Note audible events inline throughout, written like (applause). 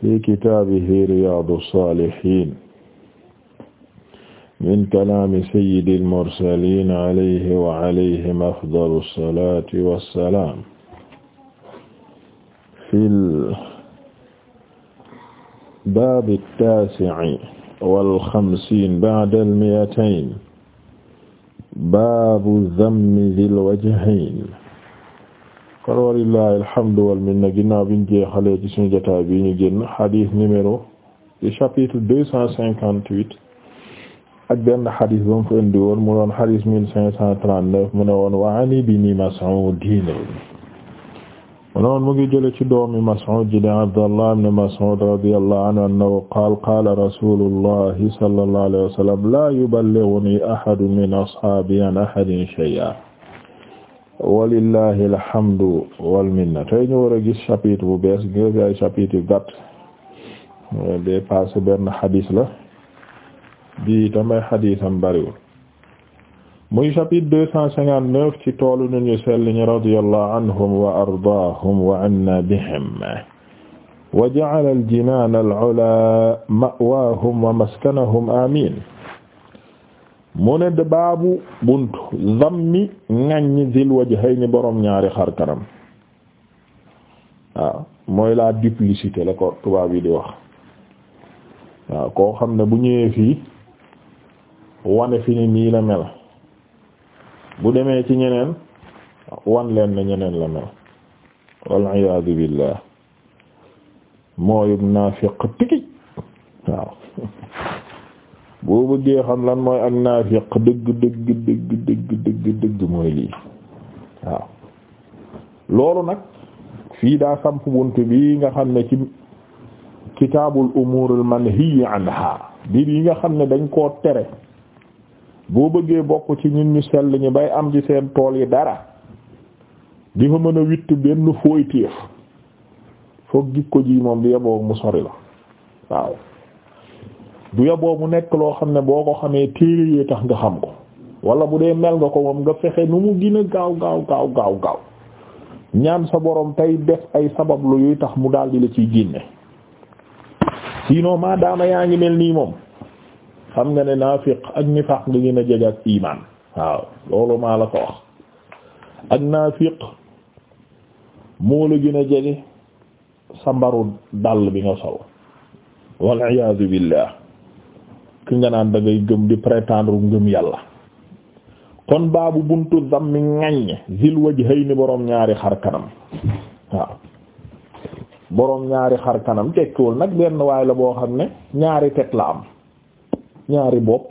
fi kitaabihi riyaadu saalihiin min kalaami sayyidil mursaliin alayhi wa alayhim afdalu salaati wa salaam fil baabi taasi'i wal xamsiin ba'dal mi'atayn baabu zammi zil wajhayn kon walillahi alhamdu wal minna ginnaaw biñ jeexalee ci suñu jotaay bi ñu génn xadis numéro ci chapitre deux cent cinquante huit ak benn xadis ba mu fa indi woon mu doon xadis mille cinq cent trente neuf mu ne woon wa an ibni Mas'ud mu ne woon mu ngi jële ci doomi Mas'ud ji di Abdallah ibn Mas'ud radiyallahu anhu annahu qaala qaala rasulullahi sallallahu alayhi wa sallam la yuballighuni ahadun min ashaabi an ahadin shay'an walillahi alhamdu wal minna tey ñu war a gis chapitre bu bees ñu ngi ay chapitre yu gàtt bee passé benn xadis la bii tamay xadisam bariwul muy chapitre deux cent cinquante neuf ci toolu nu ñu sell ñi radiyallahu anhum wa ardaahum wa anna bihim wa ja'ala al-jinaan al-'ulaa ma'waahum wa maskanahum amiin mu ne de baabu buntu zammi ŋaññi zil wajhayni borom ñaari xar kanam waaw mooy la duplicité la ko tubaab yi di wax waaw koo xam ne bu ñëwee fii wane fi ni nii la mel bu demee ci ñeneen wan na ñeneen la mel wal iyaadu billah mooyub naafiq tiki waaw boo bëggee xam lan mooy ak naafiq dëgg dëgg dëgg dëgg dëgg dëgg mooy lii waaw loolu nag fii daa samp bunt bi nga xam ne ci kitaabul umuuril manhiyyi anhaa biir yi nga xam ne dañ koo tere boo bëggee bokk ci ñun ñu sell ñi bay am ci seen tool yi dara di fa mën a witt benn fooy téef foog jikko ji moom di yeboo mu sori la waaw bu yoboo mu nekk loo xam ne boo ko xamee téere yee tax nga xam ko wala bu dee mel nga ko moom nga fexe nu mu gën a gaaw gaaw gaaw gaaw ñaan sa borom tey def ay sabab yuy tax mu daal di la ciy génne sinon maadaama yaa ngi mel nii moom xam nga ne naafiq ak nifaaq nga gën a jege ak iman waaw loolu maa la ko wax ak naafiq moo la gën a jege sa mbaru dàll bi nga sol wal iyaazu billah ki nga naan da ngay gëm di prétendre ngëm yàlla kon baabu buntu zammi ŋaññe zil ni boroom ñaari xar kanam waaw boroom ñaari xar kanam tekkiwul nag benn waay la boo xam ne ñaari tet la am ñaari bopp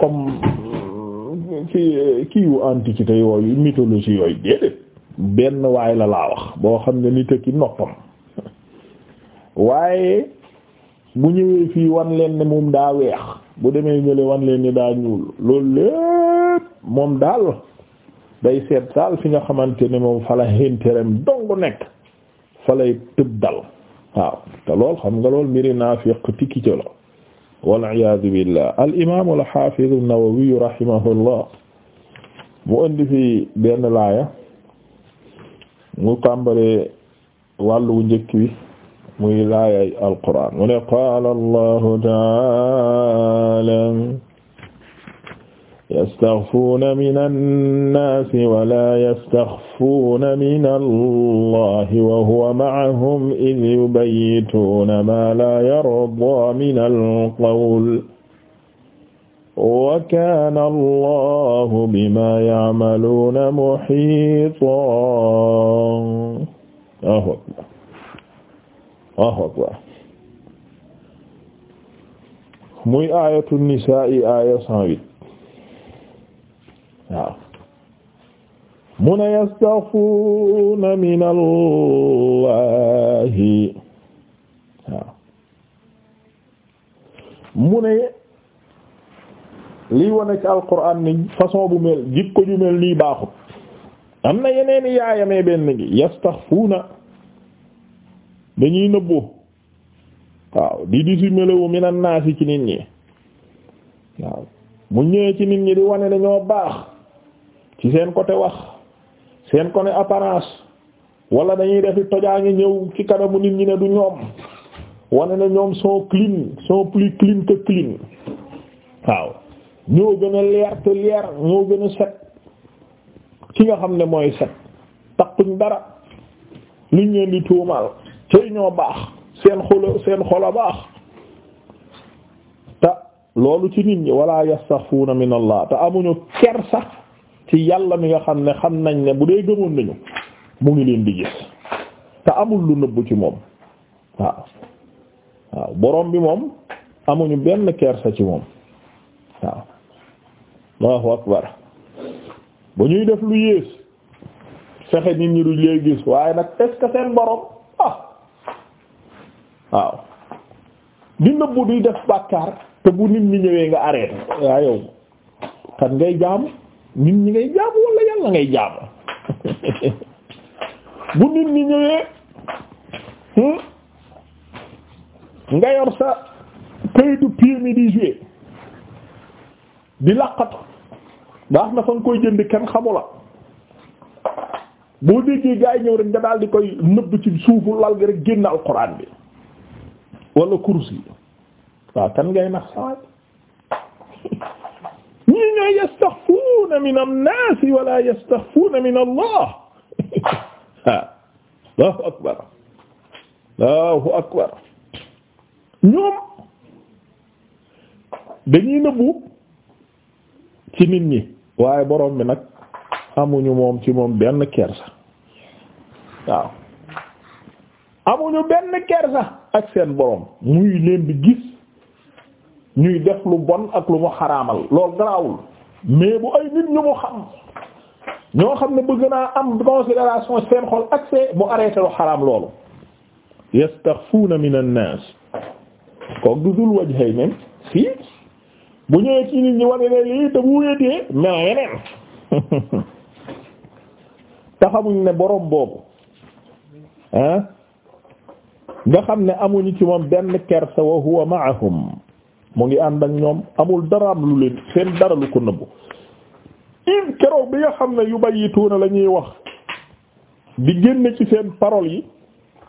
comme euh, ci euh, kiiwu antiquité yooyu mythologie yooyu déedéet benn waay la laa wax boo xam ne nit ki noppam (laughs) waaye mu ñëwee fii wan leen ne moom daa weex bu demee ñële wan leen ni daa ñuul loolu lépp moom daal day seet daal fi nga xamante ne moom fa la xéntéram dong nekk fa lay tëb dal waaw te lool xam nga lool mbiri naafiq tikki ci la waliyasu billah al imamu alhafidu an-Nawawi rahimahullah mu indi fi benn laaya mu tàmbalee wàllu njëkk wi muy laayay alquraan mu ne qaala allahu taala yastaxfuuna min annaasi wala yastaxfuuna min allahi wa huwa maahum id yubayyituuna maa laa yardaa min alqawl wa kaana allahu bimaa yacmaluuna muhiitan Allahu akbar muy ayatu nisaa aya cent huit waaw mu ne yastaxfuuna min allahi waaw mu ne liy wane ci alquran ni façon bu mel jikko ju mel nii baaxut am na yeneen yaayamee benn gi yastaxfuuna dañuy nëbbu waaw di dissimulé wu minan naas ci nit ñi waaw mu ñëwee ci nit ñi di wane ne baax ci seen côté wax seen côté apparence wala dañuy defi tojaa ngi ñëw ci kanamu nit ñi ne du ñoom wane ne ñoom sont clean sont plus clean que clean waaw ñoo gën a leer te leer gën a set ki nga xam ne mooy set takkuñ dara luñ leen di tuumaal. cëy ñoo baax seen xolo seen xolo baax te loolu ci nit ñi wala yastaxfuuna min allah te amuñu kersa ci yàlla mi nga xam ne xam nañ ne bu dee gëmoon nañu mu ngi leen di gis te amul lu nëbbu ci moom waaw waaw borom bi moom amuñu benn kersa ci moom waaw allahu akbar bu ñuy def lu yées fexe nit ñi du lee gis waaye nag est-ce seen borom waaw di nëbbu di def bàkkaar te bu nit ñi ñëwee nga arrêté waaw yow kan ngay jaamu nit ñi ngay jaamu wala yàlla ngay jaamu (laughs) bu nit ñi ñëwee hmm? nga yor sa këyitu permis di jouer di làqatu baax na fa nga koy jënd kenn la boo déggee gaa yi ñëw rek nga daal di koy nëbb ci suufu lal gi rek génn alxuraan bi wala kursi waaw kan ngay nax sawaay (laughs) ñi ñooy yastaxfuuna min an-naas wala yastaxfuuna min allah (laughs) allahu akbar allahu akbar ñoom dañuy nëbbu ci nit ñi waaye borom bi nag amuñu moom ci moom benn kersa waaw amuñu benn kersa ak seen borom muy leen di gis ñuy def lu bon ak lu mu xaraamal loolu garaawul mais bu ay nit ñu mu xam ñoo xam ne bëgg naa am considération seen xol accès mu arrêté lu xaraam loolu yastaxfuuna min an-naas koog du dul wajhay même si bu ñëwee ci nit ñi wane ne lii te bu wéetee mais yeneen (laughs) te ne boroom boobu nga xam ne amuñu ci moom benn kersa wa huwa ma'ahum mu ngi ànd ak ñoom amul daraam lu leen seen dara lu ko nëbbu in keroog bi nga xam ne yu bayyituuna la ñuy wax di génne ci seen paroles yi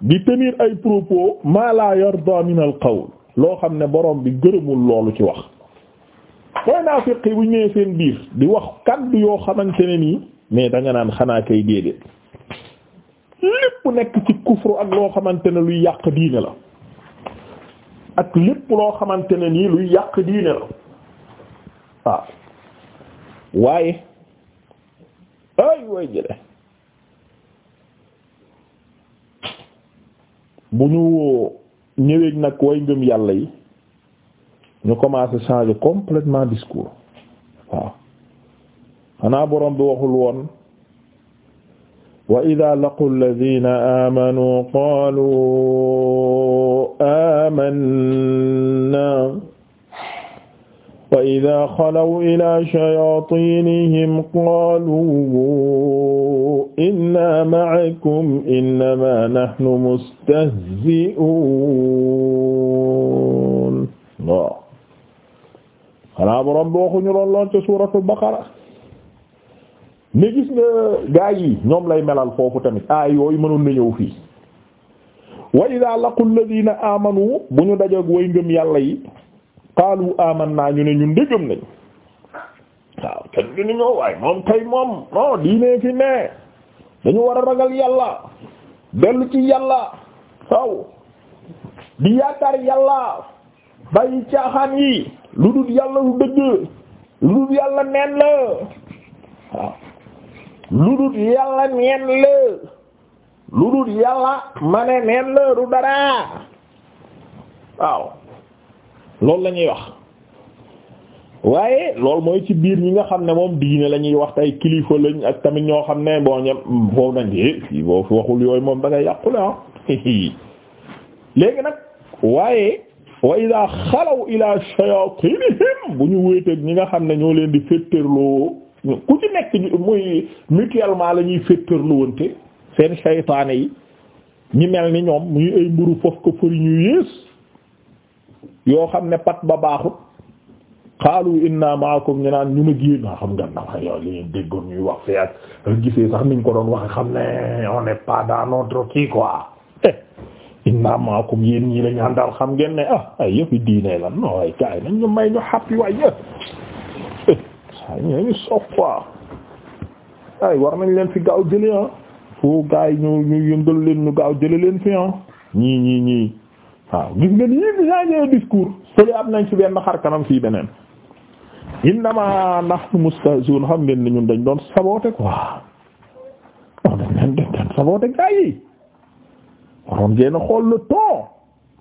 di tenir ay propos ma la yarda min al qawl loo xam ne borom bi gërëmul loolu ci wax mooy naafiq yi bu ñëwee seen biir di wax kaddu yoo xamante ne nii mais da naan xanaa kay déedéet lépp nekk ci kufru ak loo xamante ne luy yàq diine la ak lépp loo xamante ne nii luy yàq diine la waaw waaye ay way jële bu ñu ñëwee nag way ngëm yàlla yi ñu commencé changer complètement discours waaw xanaa borom bi waxul woon wa idaa laqu allaziina aamanuu qaaluu aamannaa wa idaa xalaw ilaa shayaatiinihim qaaluu innaa ma'akum innamaa nahnu mustahzi'uun xanaa borom bi waxuñu lool lool ci suuratu baqara ne gis nga gaa yi ñoom lay melal foofu tamit aay yooyu mënul na ñëw fii wa idaa laqu alladina amanu bu ñu dajeek way ngëm yàlla yi qaalu amanna ñu ne ñun ndégam nañ waaw kenn gi ni ñoo waaye moom tay moom non diine fi ne dañu war a ragal yàlla dellu ci yàlla waaw di yaakaar yàlla bàyyi caaxaan yi lu dul yàlla lu dëgg lu dul yàlla neen lu dul yàlla neen la lu dul yàlla ma ne neen la du dara waaw loolu la wax waaye loolu mooy ci biir ñi nga xam ne moom diine lañuy ñuy wax tey kilifa lañ ak tamit ñoo xam ne boo ñem foofu nañ eh, fii boo fi waxul yooyu moom da ngay yàqule ah (laughs) léegi nag waaye wa ida xalaw ila shayatinihim bu ñu wéeteeg ñi nga xam ne ñoo leen di féttarloo ku ci nekk muy mutuellement la ñuy féttarluwante seen saytaane yi ñi mel ni ñoom muy ay mburu foofu ko fëri ñu yées yoo xam ne pat ba baaxut xaalu inna maakum ñu naan ñu ma génn naa ah, xam nga naa yow li ñu déggoon ñuy wax fi ak gisee sax niñ ko doon a xam ne on n'est pas dans notre kii quoi eh, inna maakum yéen ñii la ñu àndal xam ngeen ne ah ay yëfi diine lan non kaay nañ ñu may ñu xàppi waay eh. ñee ñu sof war nañ leen fi gaaw jële ah foo gaay ñu ñu yëngal leen ñu gaaw jële leen fi ah ñii ñii ñii waaw gis nga nii bi changé discours am nañ ci benn xar kanam fii beneen innama nahnu mustahzi'un xam ngeen ni ñun dañ doon saboté quoi non dañ dañ doon saboté a xool le ton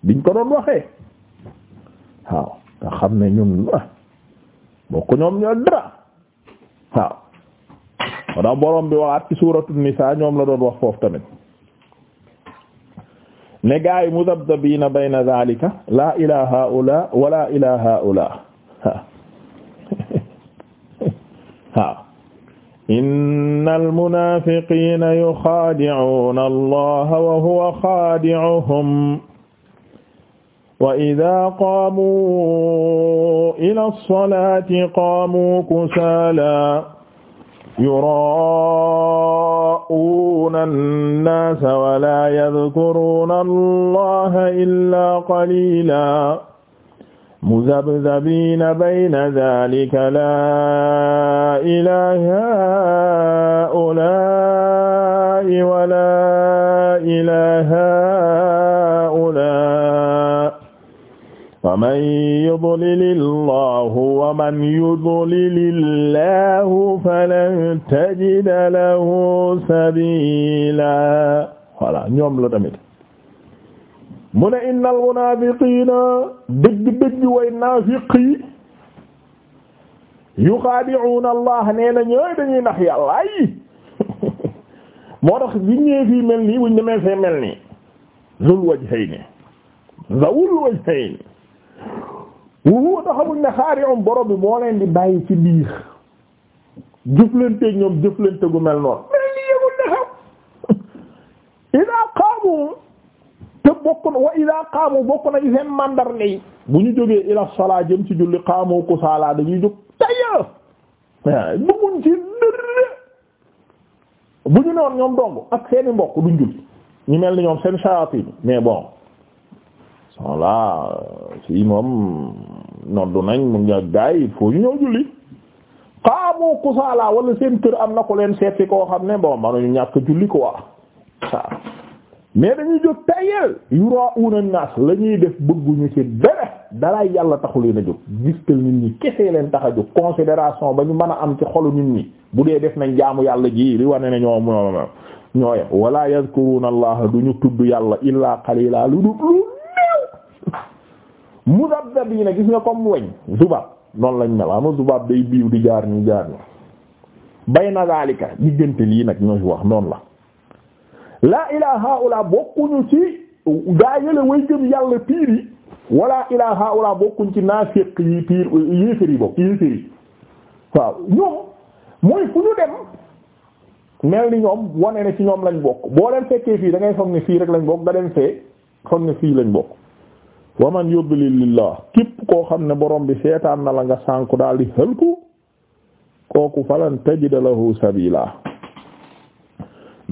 biñ ko doon waxee waaw nga xam ne ñun ah, bokk ñoom ñoo dara waaw wadax borom bi waxaat ci suuratu nisaa ñoom la doon wax foofu tamit ne gaa yi mudabdabiina bayna zaalika laa ilaa haula wala ilaa haula (laughs) waaw inna almunafiqina yuxaadi'uuna allaha wa huwa xaadi'uhum wa idaa qaamuu ilaa salaati qaamuu kusaalaa yuraa'uuna nnaasa wa laa yadkuruuna allaha illaa qaliilaa muzabzabiina bayna zaalika laa ilaa haa'ulaa'i wa laa ilaa haa'ulaa'i waman yudlil allahu waman yudlil allahu falan tajida lahu sabila voilà ñoom la tamit mu ne inna almunafiqina dëgg-dëgg way naafiq yi yuxaadi'uuna allah nee na ñooy dañuy nax yàlla yi (laughs) moo tax biñ ñëwee fii mel nii buñ demee fee mel nii zul wajhayni zawul wajhayni wuhu ta xamuñ ne xaari'um borom bi moo leen di bàyyi ci biir jëflanteeg ñoom jëflante gu mel noonu mais li yëgul ne xaw (laughs) idaa qaamu te bokk na wa idaa qaamu bokk na ci seen mandarga yi bu ñu jógee ila salaa jëm ci julli ko kusaala dañuy jóg taya bu ñu ne woon ñoom dong ak seeni mbokk duñ julli ñu mel ni ñoom seen shayatin mais bon voilà fii moom noddu nañ mu nga gaay il faut ñu ñëw julli xaamu kusaala wala seen kër am na ko leen seeti koo xam ne bon manuñu ñàkk julli ko waaw mais dañuy jóg la ñuy def bëgguñu ci dara dara yàlla taxu leen a jóg gistal nit ñi kesee leen tax a jóg considération ba ñu mën a am ci xolu nit ñi bu dee def nañ jaamu yàlla ji li wane ne ñoo ñoo ñooyem wala yazkuruna allah duñu tudd yàlla illa qalila lu dul mudabdab yi ne gis nga comme weñ zubab noonu lañ mel ama zubab day biiw di jaar ni jaar ni bayna zalika diggante lii nag ñoo wax noon la laa ilaa haula bokkuñu ci gaa yële way gëm yàlla piir yi wala ilaa bokkuñ ci naafiq yi piir yéeféri bokk yéeféri waaw ñoom mooy fu ñu dem mel ni ñoom wane ne ci ñoom lañ bokk boo leen fekkee fii da ngay foog fii rek lañ bokk nga dem fee foog fii lañ bokk wa man yudlilillah képp koo xam ne borom bi seetaan na la nga sànku daal di xëlku kooku falan tajida lahu sabila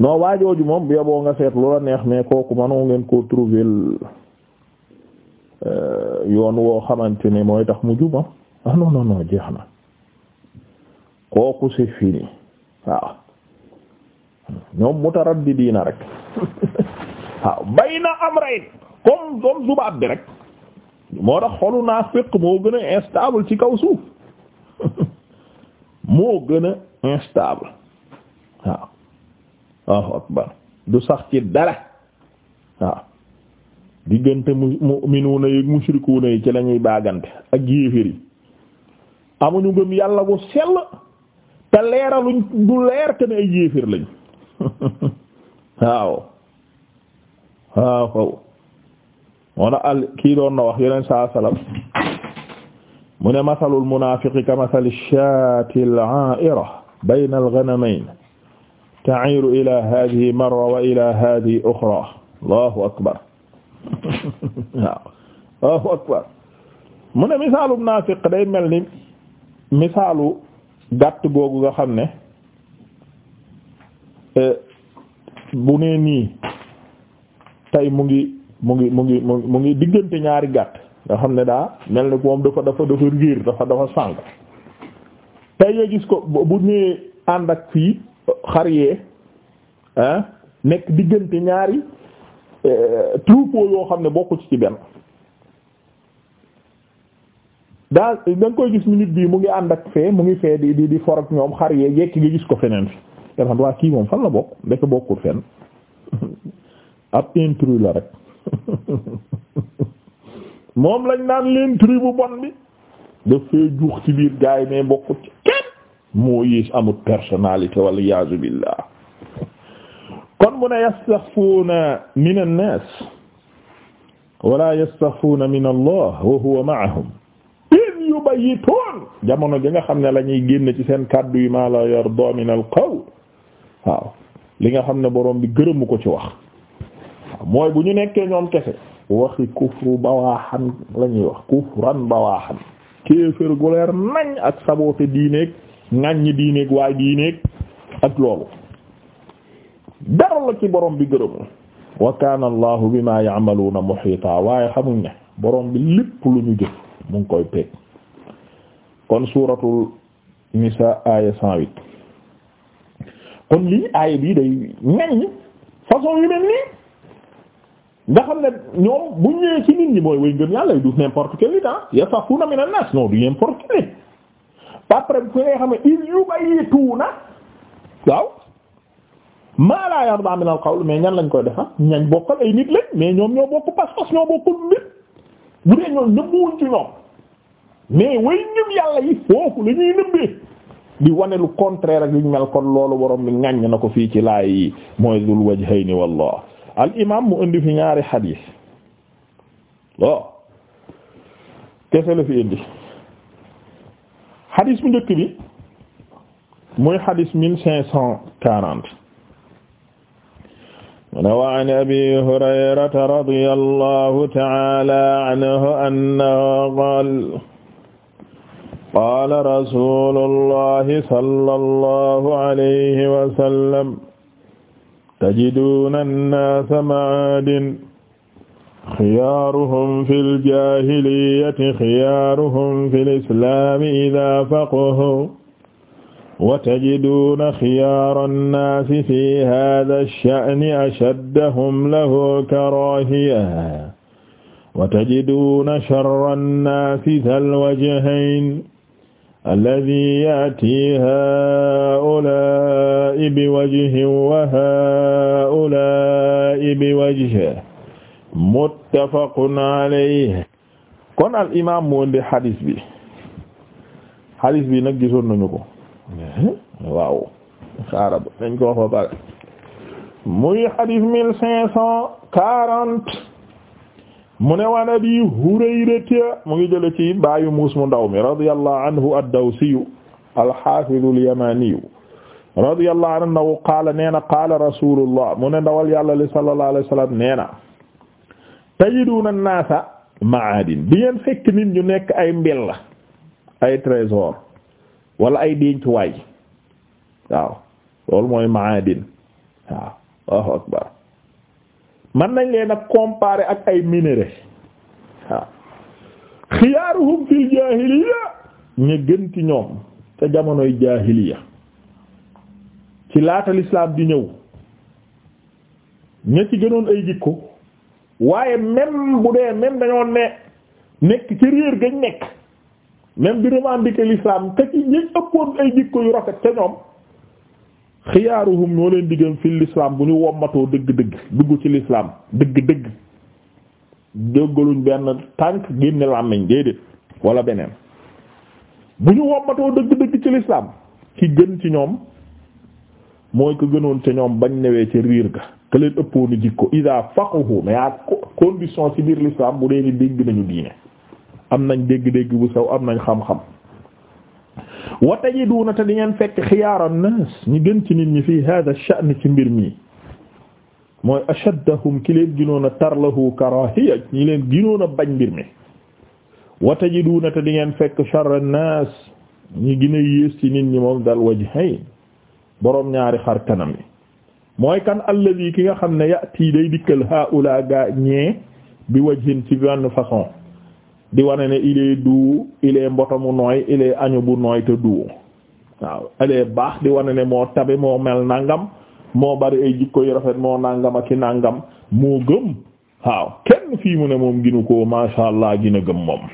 non waajooju moom yoboo nga seet lu la neex mais kooku ma manoo ngeen koo trouver euh, yoon woo xamante ne mooy tax mu juma ah, ah non jeex na kooku c'est fini waaw ñoom mutaraddidiina rek (laughs) waaw bayna amrayn comme comme zubaab bi rek moo tax xolu naafiq moo gën a instable ci kaw suuf (laughs) moo gën a instable waaw du sax ci dara waaw diggante mu'minuuna yi mushrikuuna yi ci lañuy baagante ak yéeféer yi amuñu gëm yàlla bu sell te leeraluñ du leer te ay yéeféer lañ (laughs) waaw waaw moo na al kii doon na wax ka masali shaati al-aa'ira bayna al-ghanamayn ta'iiru ilaa haadihi marra mel ni misaalu gàtt googu nga xam ne eh, bu nee nii tey mu ngi mu ngi mu ngi diggante ñaari gàtt nga xam ne daa mel ni moom dafa dafa dafa riir dafa dafa sànk tey nga gis ko bu ñëwee ànd ak fii xar yee nekk diggante ñaari eh, troupeau yoo xam ne bokku ci ci benn daa da nga koy gis minute bii mu ngi ànd ak fee mu ngi fee di di di for ñoom xar yee yekk nga gis ko feneen fi nga xam waa kii moom fan la bokk ndekk bokkul fenn (laughs) ab intrus la rek (laughs) moom lañ naan leen tri bu bon bi dafay juux ci biir gaay mais bokku ci kenn moo yées amul personnalité wala yaazu billah (laughs) kon mu ne yastaxfuuna min annaas allah wa huwa maahum in yubayituun jamono ji nga xam ne lañuy ñuy génn ci seen kàddu yi maa la yarda min al qawl li nga xam ne boroom bi gërëmu ko ci wax mooy bu ñu nekkee ñoom kese waxi kufru bawaaxan la ñuy wax kufran bawaaxan kéefër gu leer nañ ak saboote diineeg ŋàññ diineeg waay diineeg ak loolu dara la ci borom bi gërëmul wa kaana allahu bima ya'maluna muhiita waaye xamuñ ne borom bi lépp lu ñu jëf mu ngi koy peeg kon suuratul nisa aaya cent huit kon lii aaya bi day ŋàññ façon yu mel nii nga xam ne ñoom bu ñëwee ci nit ñi mooy way ngëm yàlla du n'importe quel nit na ah, yasafuna minan nas non du n'importe quel nit après bu xam ne il yubayituuna waaw maa laa yarda min al qawl mais ñan lañ koy defar ah, ñañ bokkal ay nit lañ mais ñoom ñoo bokk pas-pas ñoo bokkul mbir bu dee ñoom nëbbuwuñ ci ñoom mais way ngëm yàlla yi foofu la nëbbee di wane lu contraire ak yu ñu mel kon loolu borom bi ŋaññ na ko fii ci laay yi mooy dul wajhayni wallah al imam mu indi fi ñaari xadiis lo kese la fi indi xadiis bu njëkk bi mooy xadiis mille cinq cent quarante mune wa an abi hurayrata radiyallahu ta'ala anhu annahu qaala qaala rasuulullahi sallallahu alayhi wa sallam tajiduuna annaasa maadin xiyaaruhum fil jaahiliyati xiyaaruhum fil islaami idaa faqahu wa tajiduuna xiyaara annaasi fi haazaa sha'ni ashaddahum lahu karaahiyatan wa tajiduuna sharra annaasi zal wajhayn alladi yati haulai biwajhin wa haulai biwajhin muttafaqun alayhi kon al imam mu indi hadis bi hadis bi nag gisoon nañu ko waaw xaarab nañ ko wax ba pare muy hadis mille cinq cent quarante mu ne waan abi hurayrata mu ngi jële ci baayu muus mu ndaw mi radiyallahu anhu ad-dawsiyu al-hafidu al-yamaniyu radiyallahu anhu qaala nee na qaala rasulullah mu ne ndawal yàlla li sallallahu alayhi wasallam nee na tajiduna an-naasa ma'aadin bi ngeen fekk nit ñu nekk ay mbella ay trésor wala ay dencuwaay waaw loolu mooy ma'aadin waaw Allahu akbar man nañ leen a comparer ak ay minéraux waaw xiyaaruhum fil jaahiliya ñu gën ci ñoom ca jamonoy jaahiliya ci laata l'islam di ñëw ña ci gënoon ay jikko waaye même bu dee même dañoo ne nekk ci réer gañ nekk même bi revendiquer l'islam te ci ñi ëppoon ay jikko yu rafet ca ñoom xiyaaruhum ñoo leen diggam fi l'islam bu ñu wommatoo dëgg-dëgg dugg ci lislaam dëgg-dëgg dëggaluñ benn tànk génne làmmiñ déedéet wala beneen bu ñu wommatoo dëgg-dëgg ci l'islam ki gën ci ñoom mooy ko gënoon ci ñoom bañ newee ci riir ga ka leen ëppoon jikko ida faquhu mais à condition ci biir l'islam bu dee ni dégg nañu diine am nañ dégg-dégg bu saw am nañ xam-xam wa tajiduuna te di ngeen fekk xiyaara naas ñi gën ci nit ñi fii hada sha'n ci mbir mi mooy ashaddahum ki leen gënoon a tarlahu karahiya ñi leen gënoon a bañ mbir mi wa tajiduuna te di ngeen fekk sharra naas ñi gën a ci nit ñi moom dal wajhayn boroom ñaari xar kanam yi mooy kan alladi ki nga xam ne yati day dikkal haula gaa bi wajhin ci benn façon di wane ne il est doux mboto mu nooy il añu bu nooy te doux waaw il baax di wane ne moo tabe moo mel nangam moo bari ay jikko yu rafet moo nangam ak i nangam moo gëm waaw kenn fii mu ne moom ginu ko masha Allah gina gëm moom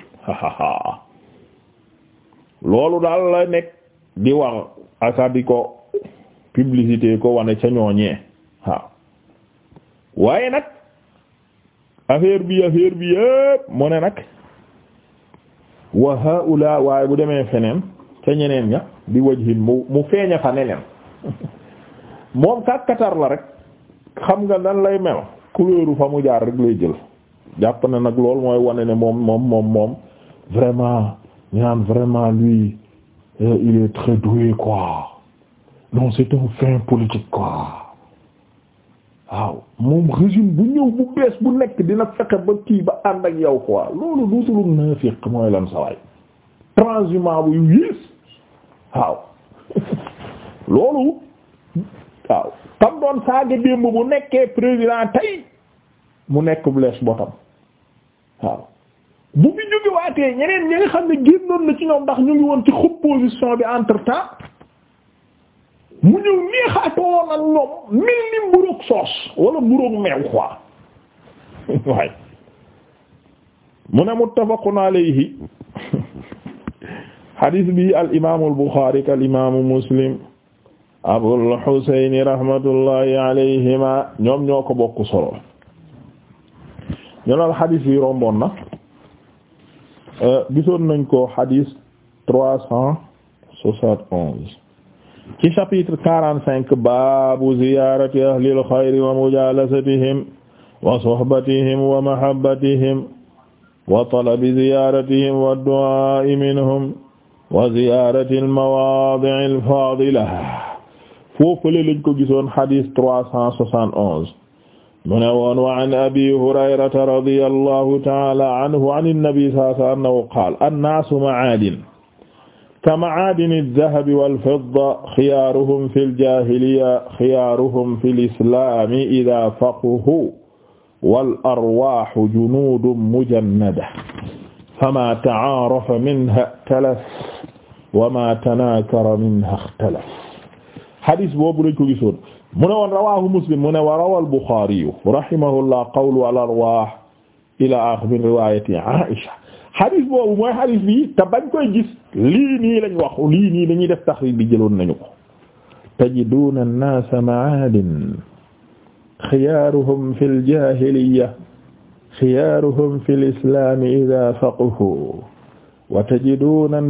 loolu daal la nekk di wax aka di ko publicité ko wane ca ñooñee waaye nag affaire bi affaire bi yépp mu ne nag wa haula waaye bu demee feneen ca ñeneen ña bi wajhin mu mu feeña fa neneen (laughs) moom kàkkatar la rek xam nga nan lay mel couleur fa mu jaar rek lay jël jàpp na nag lool mooy wane ne moom moom moom moom vraiment ñaan vraiment lui euh, il est très doué quoi non c'est un fin politique quoi waaw moom régime bu ñëw bu bees bu nekk dina fexe ba kii ba ànd ak yow quoi loolu duutulug naafiq mooy lan sawaay transhumant bu yu yées waaw (laughs) loolu waaw tam doon saaga démb bu nekkee président tey mu nekk Blaise Bottom waaw bu fi jóge waatee ñeneen ñi nga xam ne génnoon na ci ñoom ndax ñu ngi woon ci opposition bi entre temps mu ñëw neexaatoon ak ñoom mel ni mburoog soos wala mburoog meew quoi (laughs) waaye mu ne muttafaqun alayhi (laughs) hadith bi al imaamu al buxaari ka al imaamu muslim abul xuseyni rahmatullahi alayhima ñoom ñoo ko bokk solo ñoo al hadith bi romboon na euh, gisoon nañ ko hadith trois cent soixante onze ci chapitre quarante cinq baabu ziyaarati ahlil xayri wa mujaalasatihim wa sohbatihim wa mahabbatihim wa talabi ziyaaratihim wa du'aa'i minhum wa ziyaarati al-mawaadi'i al-faadila foofule lañ ko gisoon xadis trois cent soixante onze mu ne woon wa an abi hurayrata radiyallahu ta'ala anhu an an-nabi sallallahu alayhi wa sallam qaala an-naasu ma'aadin ka ma'aadini ad-dahabi wal-fidda xiyaaruhum fil jaahiliyya xiyaaruhum fil islaami idaa faqihu wal arwaahu junuudun mujannada famaa ta'aarafa minhaa ikhtalafa wa maa tanaakara minhaa ikhtalafa hadis boobu lañ ko gisoon mu ne woon rawaahu muslim mu ne wa rawal buxaari rahimahullah qawlu al arwaah ilaa aaxiri riwaayati Aisha xadis boobu mooy xadis bi te li koy gis lii nii lañ wax lii nii dañuy def taxrij bi jëloon nañu ko tajiduna an-naasa ma'aadin xiyaaruhum fi al-jaahiliyya xiyaaruhum fi al-islaam idaa faqihuu wa tajiduna an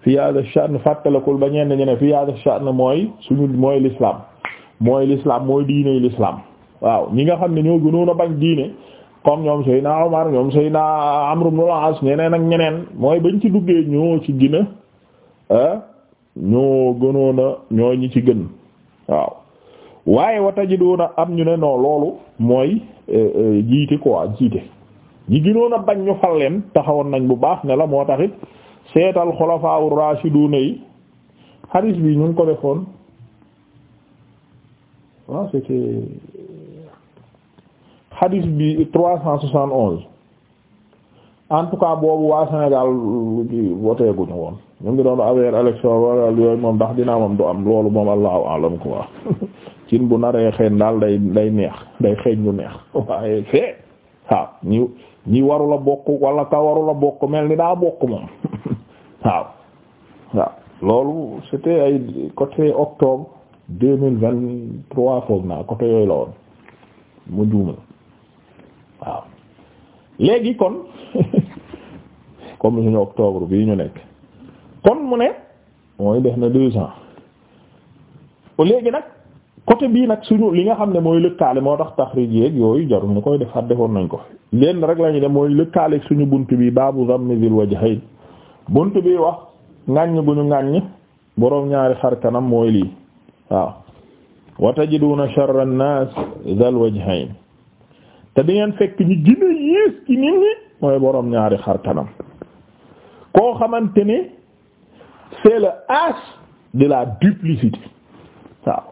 fi haadha ash-sha'n fàttalikul ba ñenn ñi ne fi haadha ash-sha'n mooy suñu mooy l'islam mooy l'islam mooy diine ñi nga xam ne ñoo gënoon a bañ comme ñoom naa Omar ñoom Seydina Amr ibn al-As ñeneen ak ñeneen mooy bañ ci duggee ñoo ci gën a ah, ñoo gënoon a ñi ci gën waaw waaye wa tajiduuna am ñu ne non loolu mooy eh, eh, jiite quoi jiite ñi gënoon a bañ ñu fal leen taxawoon nañ bu baax ne la moo taxit seetal xulafaa ur-raashiduuna yi hadis bi ñu ngi ko defoon waaw xadis bi trois cent soixante onze en tout cas boobu waa Sénégal voté euh, guñu woon ñu ngi doon affaire élection wala yooyu moom ndax dinaa moom du am loolu moom allahu alam quoi (laughs) cin bu naree xeen daal day neex day xeeñ lu neex (laughs) waaye fee waaw ñi ñi warula bokk wala ka warula bokk mel ni daa bokk moom (laughs) waaw waaw loolu c'était ay côté octobre deux mille vingt trois foog naa côté yooyu la woon mu juumal waaw léegi kon (laughs) comme suñu octobre bii ñu nekk kon mu ne mooy def na deux ans léegi nag côté bii nag suñu li nga xam ne mooy lëkkaale moo tax taxrij yeeg yooyu jarul koy def defaat defoon nañ ko fi rek la ñu ne mooy lëkkaale suñu bunt bi baabu zammi zil wajhayn bunt bi wax ŋàññ bu ñu ŋàññ boroom ñaari xar kanam mooy lii waaw wa tajiduna sharra an-nas zal wajhayn te di ngeen fekk ñi gën a yées ci nit ñi mooy boroom ñaari xar kanam koo xamante ne c'est le âge de la duplicité waaw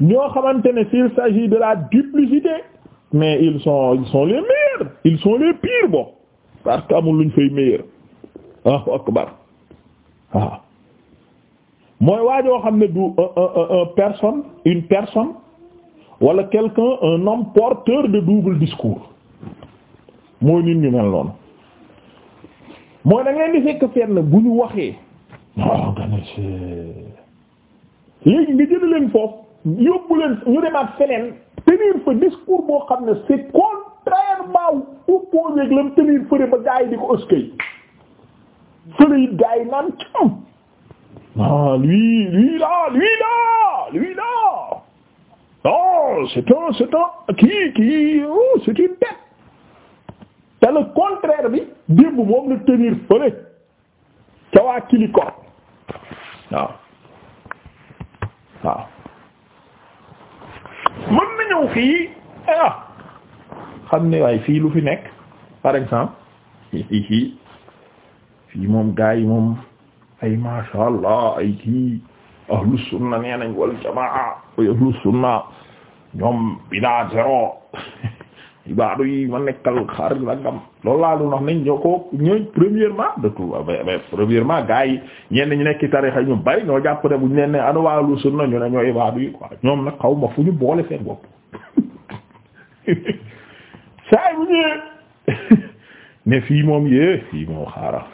ñoo xamante ne s'il s'agit de la duplicité mais ils sont ils sont les meilleurs ils sont les pires bon parce que amul luñ fay meilleur Allahu akbar waaw mooy waajoo xam ne du un un un personne une personne wala quelqu'un un porteur de double discours mooy nit ñu mel noonu mooy da ngeen di fekk fenn bu ñu waxee non oh, ganasi léegi nga yóbbu leen ñu demaat feneen tenir fa discours boo xam ne c'est contrairement opposé ak lam tenir fëre ba gaa di ko ëskay fële it gaa naan cam ah, lui lui là lui là lui là non oh, c'est un c'est un kii kii oh c'est une tête te le contraire bi démb moom la tenir fële ca waa kilikor waaw waaw mën na ñëw fii ah xam ne waaye fii lu fi nekk par exemple (laughs) fii moom gaa yi moom ay masha Allah ay kii ahlu sunna nee wal jamaa ahlu sunna ñoom bidaa zéro ibaadu yi ma nekkal xaar nangam loolu laa doon wax nañ ñoo ko ñooy premièrement de tout premièrement gars yi ñenn ñu nekk ci tarixa ñu bari ñoo jàpp ne bu ñu nee ne anu waa lu sunna ñu ne ñoo ibaadu yi quoi ñoom nag xaw ma fu ñu boole seen bopp. (laughs) saa yu ñëwee (laughs) ne fii moom yee fii moom xaaral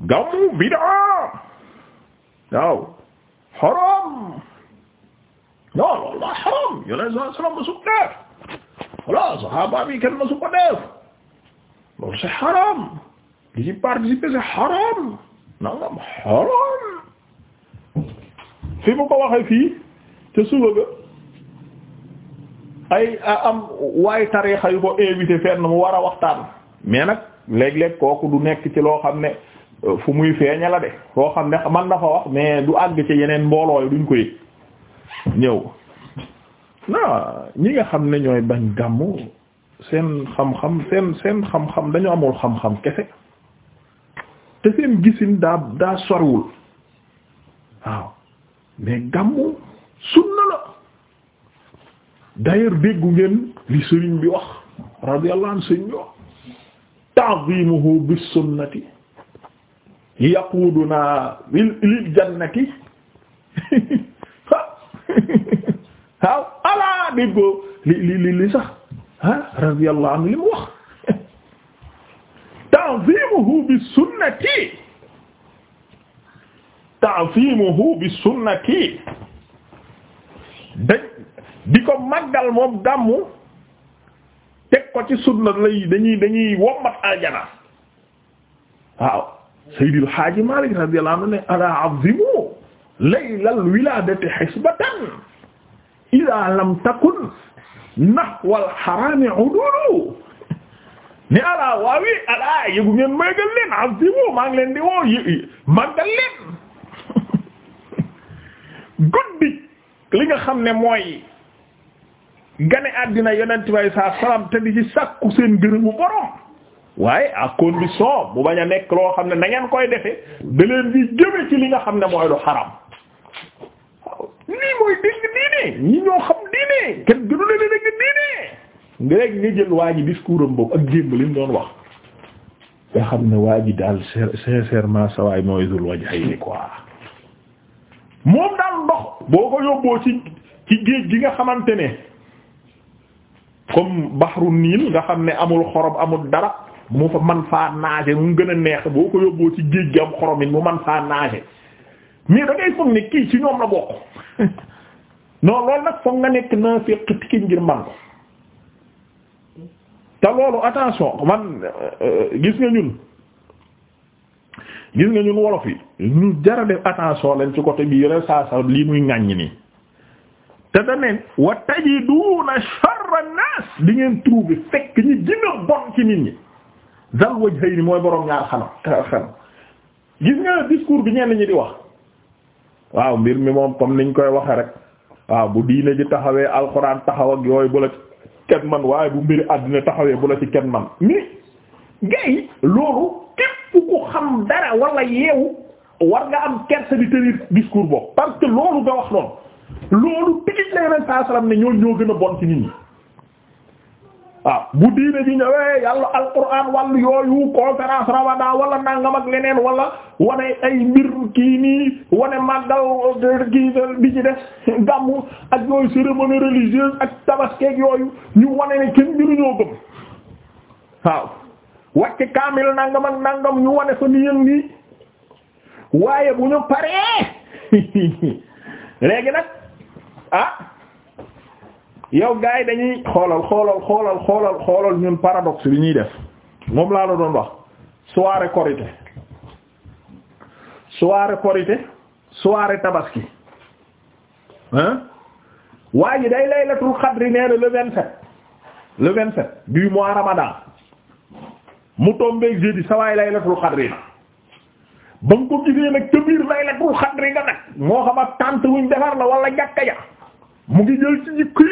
gamu bidaa waaw xorom. non loolu daa xaram yoneen sa salam ma ko ma su def loolu c'est xaram di ci participer c'est xaram nangam xaram fi mu ko waxee fii te suba ga ay am waaye tarixa yu ko invité fenn mu war a waxtaan mais nag léeg-léeg kooku du nekk ci loo xam ne fu muy feeña la de loo xam ne man na fa wax mais du àgg ci yeneen mboolooy duñ ko yëg ñëw ñi nga xam ne ñooy bañ gàmmu seen xam-xam seen seen xam-xam dañu amul xam-xam kese te seen gisin daa daa sorwul waaw mais gàmmu sunna la d'ailleurs déggu ngeen li sëriñ bi wax radiyallahu anhu sëriñ bi wax ta'zimuhu bis sunnati yaquduna lil jannati (laughs) (laughs) waaw ala déggoo li li li sax ah radiyallahu anhu li mu wax (laughs) ta'zimuhu bi sunnati ta'zimuhu bi sunnati dañ di ko màggal moom gàmmu teg ko ci sunna lay dañuy dañuy wommat aljana waaw Seydil Haaji Maalik radiyallahu anhu ne ala azimu laylal wilaadati xisbatan idaa lam takun nahwal xaraami udulu ni alaa waawi alaa yëgu ngeen màggal leen azimu maa ngi leen di woo yë màggal leen (laughs) guddi li nga xam ne mooy gane àddina yonent bay saa salaam te di ci sàkku seen gërëmu borom waaye ak condition mu bañ a nekk loo xam ne na ngeen koy defe da leen jëme ci li nga xam ne mooy lu xaram nii mooy dégg diine ñi ñoo xam diine kenn gënu la dégg diine nga rek nga jël waa ji discours am boobu ak jémb li mu doon wax nga xam ne waa ji daal sincèrement sa waay mooy moom daal ndox boo ko yóbboo ci ci géej gi nga xamante ne comme baxru niil nga xam ne amul xorom amul dara mu fa man faa naage mu gën a neex boo ko yóbboo ci géej gi am xorom mu man faa naage mais da foog ne kii ci ñoom la bokk non loolu nag foog nga nekk naafiq tiki ngir man ko te loolu attention man euh, gis nga ñun gis nga ñun wolof yi ñu jara def attention lañ ci côté bi yore saa saa lii muy ŋàññ nii te da neen wa tajiduna sharra naas di ngeen trouver fekk ñi gën bon ci nit ñi dal waj xëy ni mooy boroom ñaar xanam xanam gis nga discours bi ñenn ñi di wax waaw mbir mi moom comme niñ koy waxe rek waaw bu diine ji taxawee alxuraan taxaw yooyu bu la ci kenn man waaye bu mbiri àddina taxawee bu la ci kenn man mais gay loolu képp ku xam dara wala yeewu war nga am kersa di tenir discours boobu parce que loolu nga wax noonu loolu tigit la yeneen saa ne ñoo ñoo gën a bon ci nit ñi waaw bu diine ji ñëwee yàlla alquran wàllu yooyu conférence ramadan wala nangam ak leneen wala wane ay mbir kii nii wane màggal kii bi ci des gàmmu ak yooyu cérémonie religieuse ak tabaskeeg yooyu ñu wane ne kenn mbiruñoo gëm waaw wàcc kaamil nangam ak nangam ñu wane fa ni nii waaye bu ñu paree (laughs) léegi nag ah yow gars yi dañuy xoolal xoolal xoolal xoolal xoolal ñun paradox bi ñuy def moom laa la doon wax soirée korité soirée korité soirée tabaski hein waa ji day laylatul xadri nee na le vingt sept le vingt sept du mois ramadan mu tombeeg jeudi sawaay laylatul xadri na ba nga ko gisee nag ca biir laylatul xadri nga nag moo xam ak tànt wuñ defar la wala jàkka ja mu ngi jël ci jikko yi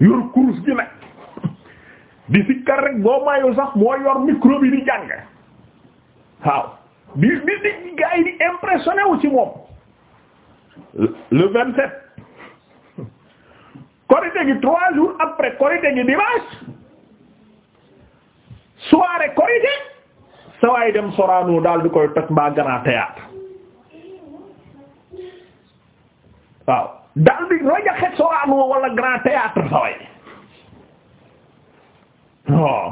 yor kurus gi nag di sikkar rek boo mayul sax moo yor micro di jàng waaw bi bi di gaa di impressionné wu ci moom le vingt sept (laughs) korite gi trois jours après korite gi dimanche soirée korite sawaay dem Sorano daal di koy toj mbaa Grand Théâtre daal di rajaxe Sorano wala grand théâtre saway waaw oh.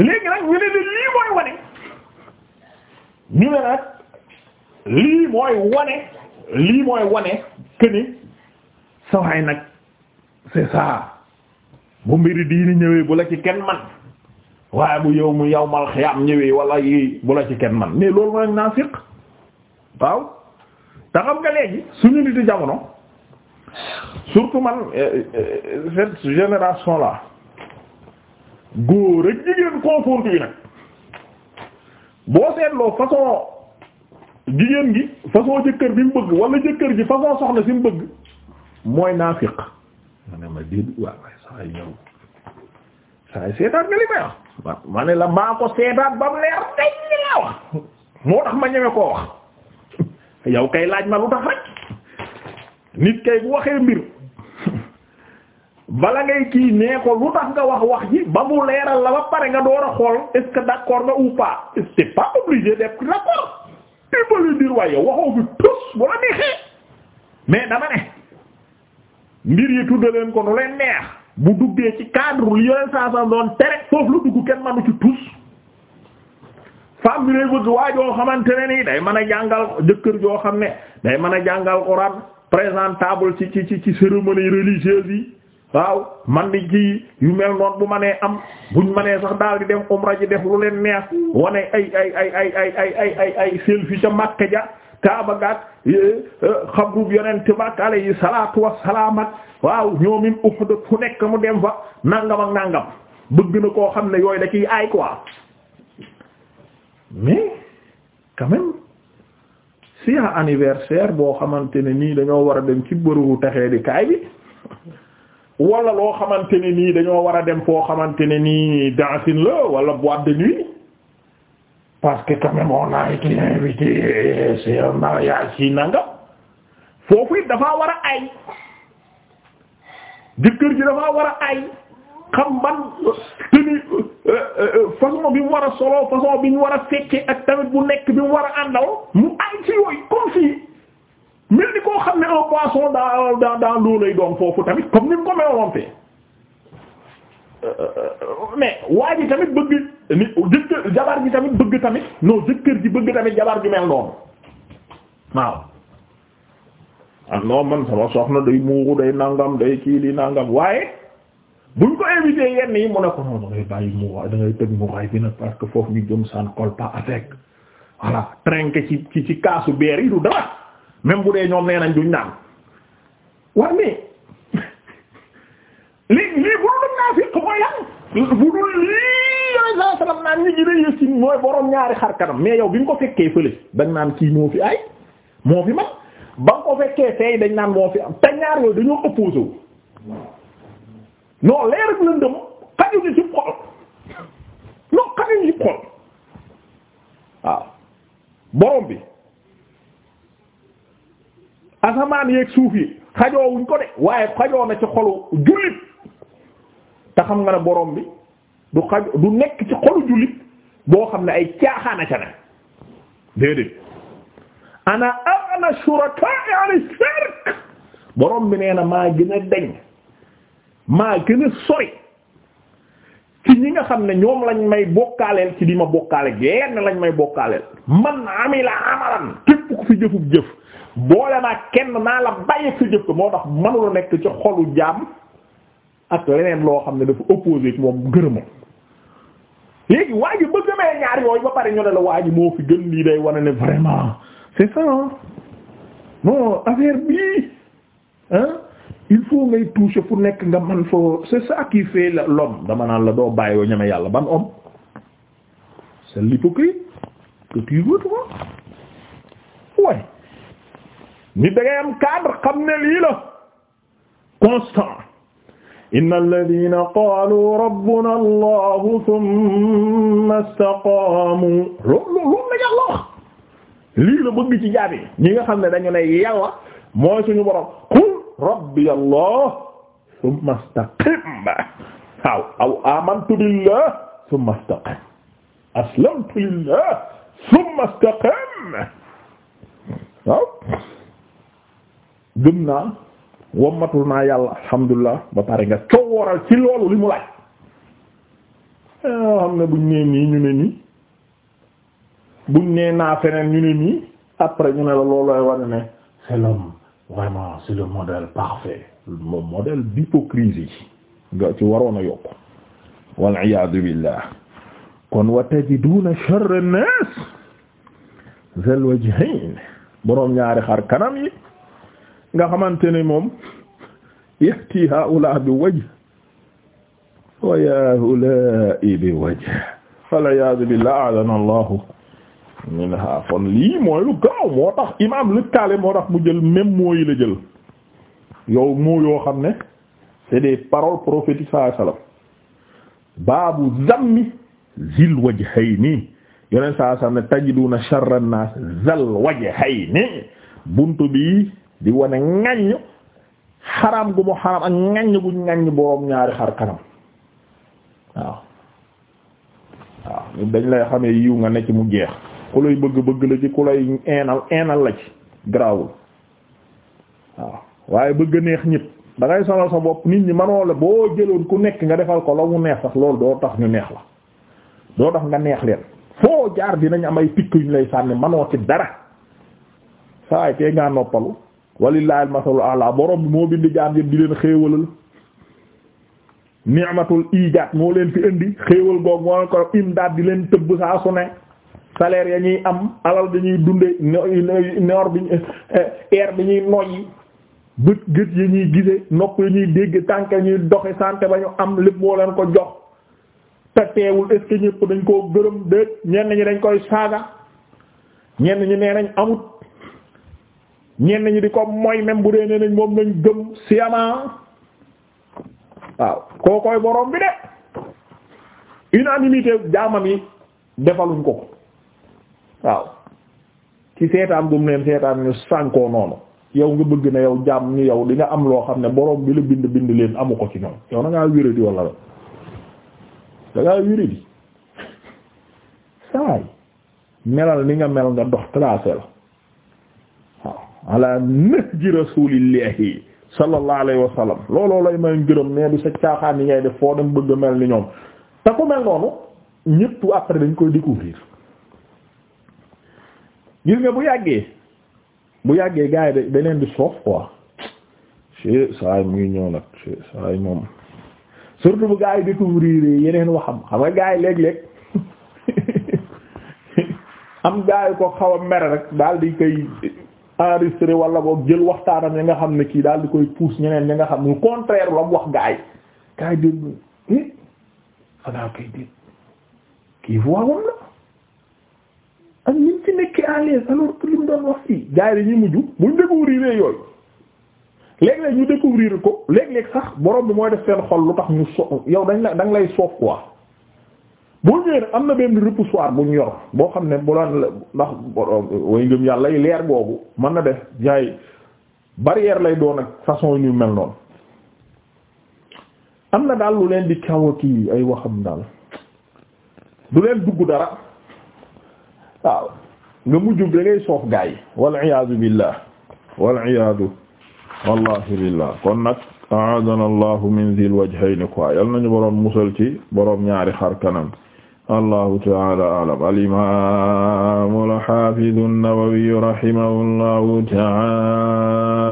léegi nag ñu ne lii mooy wane ñu ne nag lii mooy wane lii mooy wane que ni nag c'est ça bu mbiri diini ñëwee bu la ci kenn man waaye bu yow mu yow mal xiyaam ñëwee wala yi bu la ci kenn man mais loolu mooy naafiq waaw te xam nga léegi suñu nitu jamono surtout man euh, euh, cette génération là góor ak jigéen confondus yi nag boo seetloo façon jigéen gi façon jëkkër bi mu bëgg wala jëkkër ji façon soxna si mu bëgg mooy naafiq saa yi ñëw saa yi seetaat nga li may wax ma ne la maa ko seetaat ba mu leer moo tax ma ñeme koo wax. yow kay laaj ma lu tax rek nit kay bu waxee mbir bala ngay kii nee ko lu tax nga wax wax ji ba mu leeral la ba pare nga door a xool est-ce que d'accord nga ou pas c'est pas obligé d'être d'accord tu peux waaye waxoo fi tus bu la neexee mais dama ne mbir yi tudda ko nu leen neex bu duggee ci cadre li yooyu saa saa doon tere foofu lu dugg kenn manu ci tus femme bi lay bëgg waa joo xamante ne nii day man a jàngal jëkkër joo xam ne day man a jàngal Qur'an présentable ci ci ci ci cérémonie religieuse yi waaw man di kii yu mel noonu bu ma nee am buñ ma nee sax daal di dem umra ji def lu leen neex wane ay ay ay ay ay ay ay ay ay selfie ca Makka ja Kaaba gaag eh, eh, xabrub yonent bak alayhi salaatu wassalaam ak waaw ñoomin Uhud fu nekk mu dem fa nangam ak nangam bëgg na koo xam ne yooyu da ciy aay quoi mais quand même si anniversaire boo xamante ne nii dañoo war a dem ci bërëbu taxee di kaay bi wala loo xamante ne nii dañoo war a dem foo xamante ne nii dancing la wala boîte de nuit parce que quand même on a été invité c'est un mariage ci foofu it dafaa war a ay jëkkër ji dafaa war ay xam ban tenu euh, euh, euh, façon bi mu war a solo façon bi mu war a fekke ak tamit bu nekk bi mu war a àndal mu ay ci yooyu comme si mel ni koo xam ne un poisson dans dans dans l'eau lay doon foofu tamit comme ni mu ko meewoon fee mais tamit bëgg ni jëkkër jabar ji tamit bëgg tamit non jëkkër ji bëgg tamit jabar ji mel noonu waaw ah man sama soxna day muuru day nangam day kii li waaye buñ ko invité yenn yi mu ne ko noonu da ngay bàyyi mu waay da ngay mu waay bi nag parce foofu ñu jëm saan kolpa avec voilà trinqué ci ci ci kaasu beer yi du dara même bu dee ñoom nee nañ duñ naan waaw mais (laughs) li lii bu dul naafiq mooy lan bu dul lii yooyu saa salaam naan ñu gën a yëg ci mooy borom ñaari xar kanam mais yow bi nga ko fekkee fële dañ naan kii moo fi ay moo fi mag ba nga ko fekkee feey dañ naan moo fi te ñaar yooyu dañoo opposé non leer ak lëndëm xajuñu ci xol non xajuñu ci xol waaw borom bi asamaan yeeg suuf yi xajoowuñ ko de waaye xajoo na ci xolu jullit te xam nga ne borom bi du xaj du nekk ci xolu jullit boo xam ne ay caaxaana ca ne déedéet ana aghna shuraka'i 'ala shirk borom bi nee na maa gën a deñ maa gën a sori ci ñi nga xam ne ñoom lañ may bokkaaleel ci di ma bokkaale genn lañ may bokkaaleel man amila amalan képp ku fi jëfub jëf boole maa kenn naa la bàyyi sa jëf ko moo tax manula nekk ci xolu jaam ak leneen loo xam ne dafa opposé moom gërëma léegi waa ji ba gëmee ñaar yooyu ba pare ñu ne la waa ji moo fi gën lii day wane ne vraiment c'est ça non affaire bii il faut ngay toucher fu nekk nga man foo c'est ça qui fait l'homme dama naan la doo bàyyoo ñeme yàlla ban homme c'est l'hypocrite que tu veux toi waaye nit da ngay am cadre xam ne lii la constant inna alladhina qalu la yàlla wax lii la bëgg ci nga xam ne dañu ne yàlla mooy suñu borom rabbi allah thumma istaqim waaw aw amantu billah thumma istaqim aslamtu lillah thumma istaqim waaw gëm naa wammatul naa yàlla alhamdulillah ba pare nga coowaral ci loolu li mu laaj yoo xam ne buñ nee nii ñu ne nii buñ nee naa feneen ñu ne nii après ñu ne la loolu lay ne c'est vraiment c'est le modèle parfait le modèle d'hypocrisie nga ci waroon a yokk wal iyaadu billah kon wa tajiduuna sharra an-naas zal wajhayn boroom ñaari xar kanam yi nga xamante ne moom yati haula bi wajh wa ya haula bi wajh fal iyaadu billah a'lana allahu minha ah, kon lii mooy lu gaaw moo tax imaam lu moo tax mu jël même mooy la jël yow moo yoo xam ne c'est des paroles prophétiques sallallahu alayhi wasallam baabu zammi zil wajhayni yeneen saa sax ne tajiduna na naas zal wajhayni buntu bi di wane ŋaññ xaram gu mu xaram ak ŋaññ gu ŋaññ boroom ñaari xar kanam waaw waaw dañ lay xame yiw nga ne mu jeex ku lay bëgg bëgg la ci ku lay eenal eenal la ci garaawul waaw waaye bëgg neex ñépp da ngay sonal sa bopp nit ñi manoo la boo jëloon ku nekk nga defal ko la mu neex sax loolu doo tax ñu neex la doo tax nga neex leen foo jaar dinañ am ay tikk yu ñu lay sànni manoo ci dara saay tey ngaa noppalu walillahi almasalu ala borom bi moo bind jaam yëpp di leen xéewalal ni'matul ijaat moo leen fi indi xéewal goog moo ko imdaat di leen tëbb saa su ne salaire ya ñuy am alal bi ñuy dunde noor bi eh, air bi ñuy noyyi bët gët ya ñuy gise nopp ya ñuy dégg tànk ñuy doxi santé ba ñu am lépp moo leen ko jox te teewul est-ce que ñëpp dañ koo gërëm déet ñenn ñi dañ koy saaga ñenn ñi nee nañ amut ñenn ñi di ko mooy même bu dee nee nañ moom nañ gëm siamaa waaw koo koy borom bi de unanimité jaamam yi defaluñ ko waaw ci seetaan gum leen seetaan ñu sànkoo noonu yow nga bëgg na yow jàmm ñu yow di nga am loo xam ne boroom bi la bind bind leen amu ko ci ñoom yow da ngaa wéradi wala la da ngaa wéradi saay melal ni nga mel nga dox tracé la waaw ala nahji rasulillahi sallallahu alayhi wa sallam looloo lay may ngërëm mais du sa caaxaan yi ngay def foo dem bëgg mel ni ñoom te ku mel noonu ñëpp après dañ koy découvrir gis nga bu yàggee bu yàggee gars yi da leen di soof quoi ci saay mu ngi ñëw nag ci saay moom surtout bu gars yi découvrir yeneen waxam xam nga gars yi léeg-léeg (laughs) am gars yi ko xaw a mer rek daal di koy enregistré wala boog jël waxtaanam ya nga xam ne kii daal di koy pousse ñeneen ña nga xam ne contraire la wax gars yi gars yi dégg eh, kii voix moom la ak ni mu ci nekkee à l'aise alors mu doon wax fii gars yi dañuy mujj buñ découvrir yooyu léeg-léeg ñu découvrir ko léeg-léeg sax borom bi mooy def seen xol lu tax ñu so yow dañ da dañ lay soof quoi boo ñëwee am na benn repoussoir buñ yor boo xam ne bu doon ndax borom way ngëm yàlla yi leer boobu mën na def jaay barrière lay doon ak façon yu ñu mel noonu am na daal lu leen di kaw kii ay waxam daal du leen dugg dara. waaw nga mujjub da ngay soof gaay wal iyaadu billah wal iyaadu wallahi billah kon nag a'adana allahu min dhil wajhayn quoi yal nañu boroom musal ci boroom ñaari xar kanam allahu taala alam al imam al hafiz an-Nawawi rahimahullahu taala